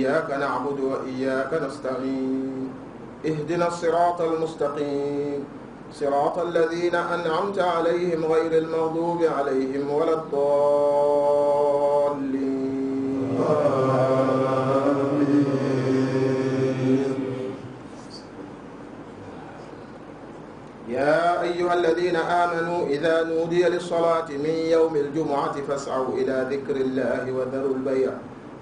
إياك نعبد وإياك نستعين اهدنا الصراط المستقيم صراط الذين أنعمت عليهم غير المغضوب عليهم ولا الضالين يا أيها الذين آمنوا إذا نودي للصلاة من يوم الجمعة فاسعوا إلى ذكر الله وذروا البيع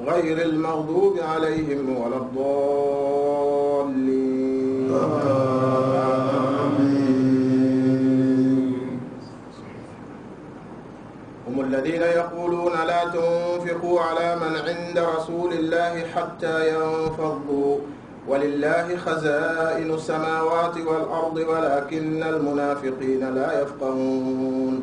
غير المغضوب عليهم ولا الضالين هم الذين يقولون لا تنفقوا على من عند رسول الله حتى ينفضوا ولله خزائن السماوات والأرض ولكن المنافقين لا يفقهون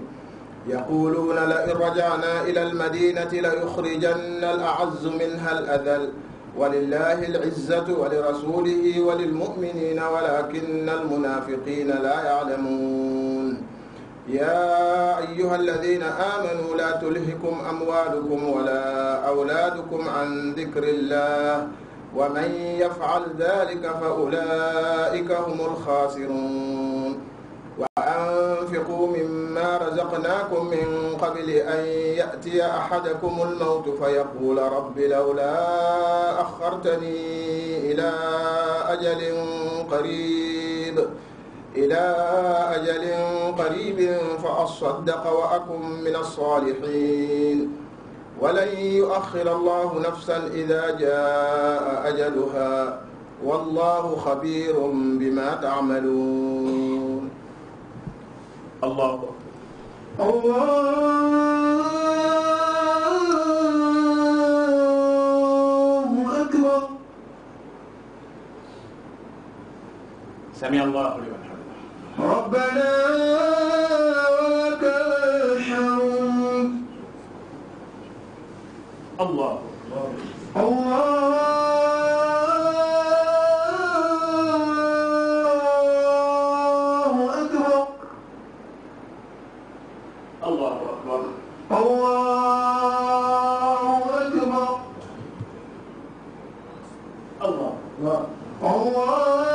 يقولون لئن رجعنا إلى المدينة ليخرجن الأعز منها الأذل ولله العزة ولرسوله وللمؤمنين ولكن المنافقين لا يعلمون يا أيها الذين آمنوا لا تلهكم أموالكم ولا أولادكم عن ذكر الله ومن يفعل ذلك فأولئك هم الخاسرون تنفقوا مما رزقناكم من قبل أن يأتي أحدكم الموت فيقول رب لولا أخرتني إلى أجل قريب إلى أجل قريب فأصدق وأكن من الصالحين ولن يؤخر الله نفسا إذا جاء أجلها والله خبير بما تعملون الله الله أكبر سمع الله لمن حمده ربنا ولك الحمد الله الله Allah. Oh,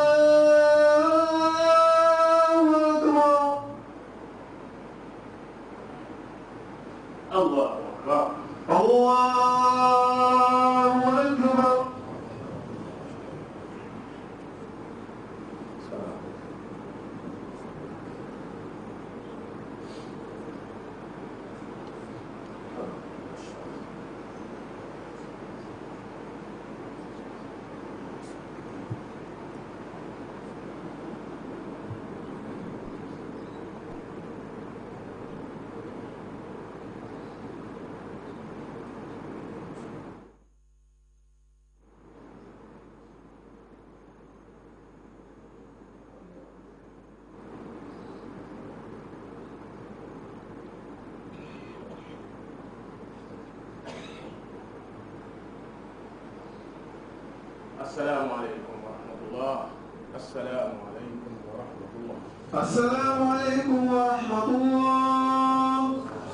السلام عليكم ورحمة الله السلام عليكم ورحمة الله السلام عليكم ورحمة الله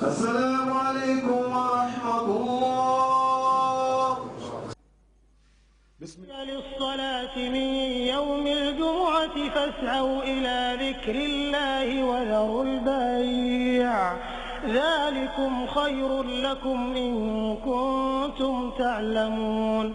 السلام عليكم ورحمة الله بسم الله للصلاة من يوم الجمعة فاسعوا إلى ذكر الله وذروا البيع ذلكم خير لكم إن كنتم تعلمون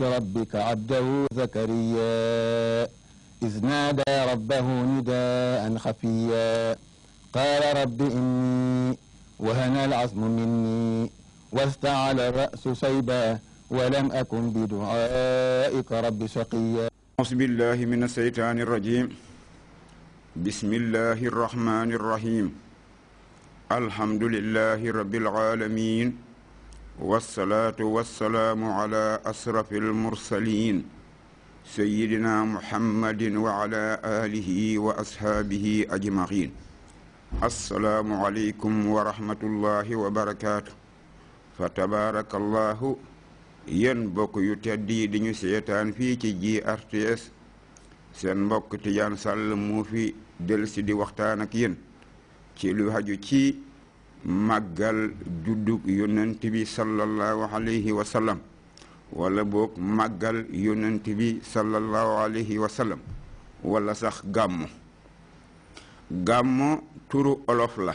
ربك عبده زكريا إذ نادى ربه نداء خفيا قال رب إني وهنى العظم مني واستعل الرأس سيبا ولم أكن بدعائك رب شقيا أعوذ بالله من الشيطان الرجيم بسم الله الرحمن الرحيم الحمد لله رب العالمين والصلاة والسلام على أسرف المرسلين سيدنا محمد وعلى آله وأصحابه أجمعين السلام عليكم ورحمة الله وبركاته فتبارك الله ينبق يتدي yu سيطان في جي ñu seetaan fii ci GRTS seen mbokk Tidiane Sall moo fi dellusi di waxtaan ak yéen magal juddug yunan bi sallallahu alayhi wa sallam wala bok magal yonent bi sallallahu alayhi wa sallam wala sax gamu gamu turu olof la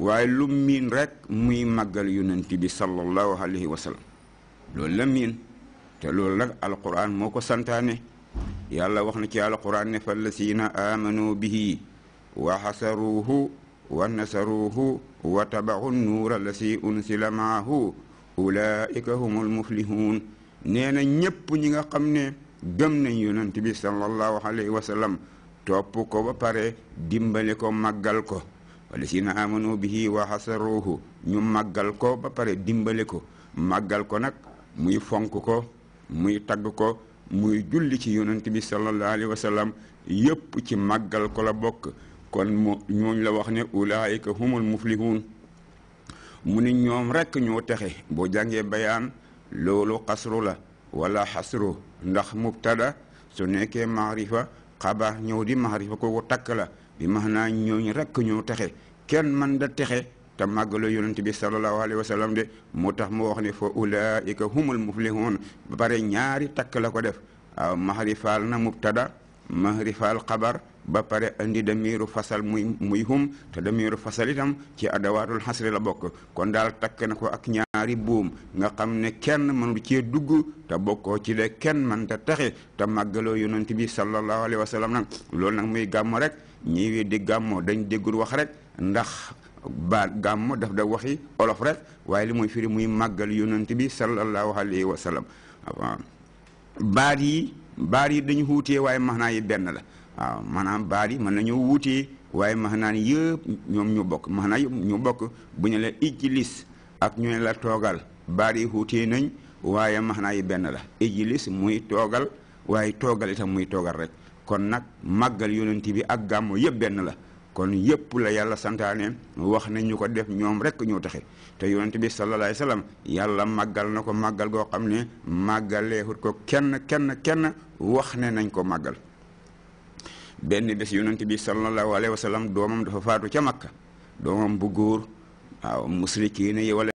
way lu min rek muy magal yonent bi sallallahu alayhi wa sallam loolu la miin te loolu nag alquran moko santane yàlla waxna ci alquran ne fal lasina amanu bihi وحسروه ونصروه واتبعوا النور الذي أنزل معه أولئك هم المفلحون نينا ñépp ñi nga xam ne gëm nañ yonent bi sallallahu alayhi wa sallam ko ba pare dimbali ko màggal ko wallazina amanu bihi wa hasaruhu ñu màggal ko ba pare dimbali ko màggal ko nag muy fonk ko muy tagg ko muy julli ci yonent bi sallallahu alayhi wa sallam yépp ci màggal ko la bokk kon ñoo la wax ne ulaayika humul muflihun mu ni ñoom rek ñoo texe bo jàngee bayaan loolu xasru la wala xasru ndax mubtada su nekkee maarifa xabaar ñëw di maarifa kooku takk la bi max naa ñooñ rekk ñoo texe kenn man da texe te màggalo yonent bi sallallahu alayhi wa sallam de moo tax mu wax ne fa ulaayika humul muflihun ba pare ñaari takk la ko def waaw maxrifaal na mubtada maxrifaal xabar ba pare indi damiru fasal muy muy hum te damiru fasal itam ci adawaatul xasri la bokk kon daal takk na ko ak ñaari boom nga xam ne kenn mënul cee dugg te bokkoo ci de kenn man te taxe te màggaloo yonent bi sallallahu alayhi wa sallam nag loolu nag muy gàmmo rek ñi di gàmmo dañ déggul wax rek ndax ba gàmm daf da waxi olof rek waaye li muy firi muy màggal yonent bi sallallahu alayhi wa sallam yi baar yi dañu xuutee waaye maanaa yi benn la waaw maanaam baari yi mën nañoo wuutee waaye maanaan yëpp ñoom ñu bokk maanaan yëpp ñu bokk bu ñu la ijlis ak ñu ne la toogal baat yi wuutee nañ waaye maanaa yi benn la ijlis muy toogal waaye toogal itam muy toogal rek kon nag màggal yonent bi ak gàmmo yëpp benn la kon yëpp la yàlla santaane wax nañ ñu ko def ñoom rek ñoo taxe te yonent bi sallallahu alayhi wasallam yàlla màggal na ko màggal goo xam ne màggaleexut ko kenn kenn kenn wax ne nañ ko màggal benn bés yonent bi sallallahu alayhi wa sallam doomam dafa faatu ca makka doomam bu góor waaw musrikiina yi wala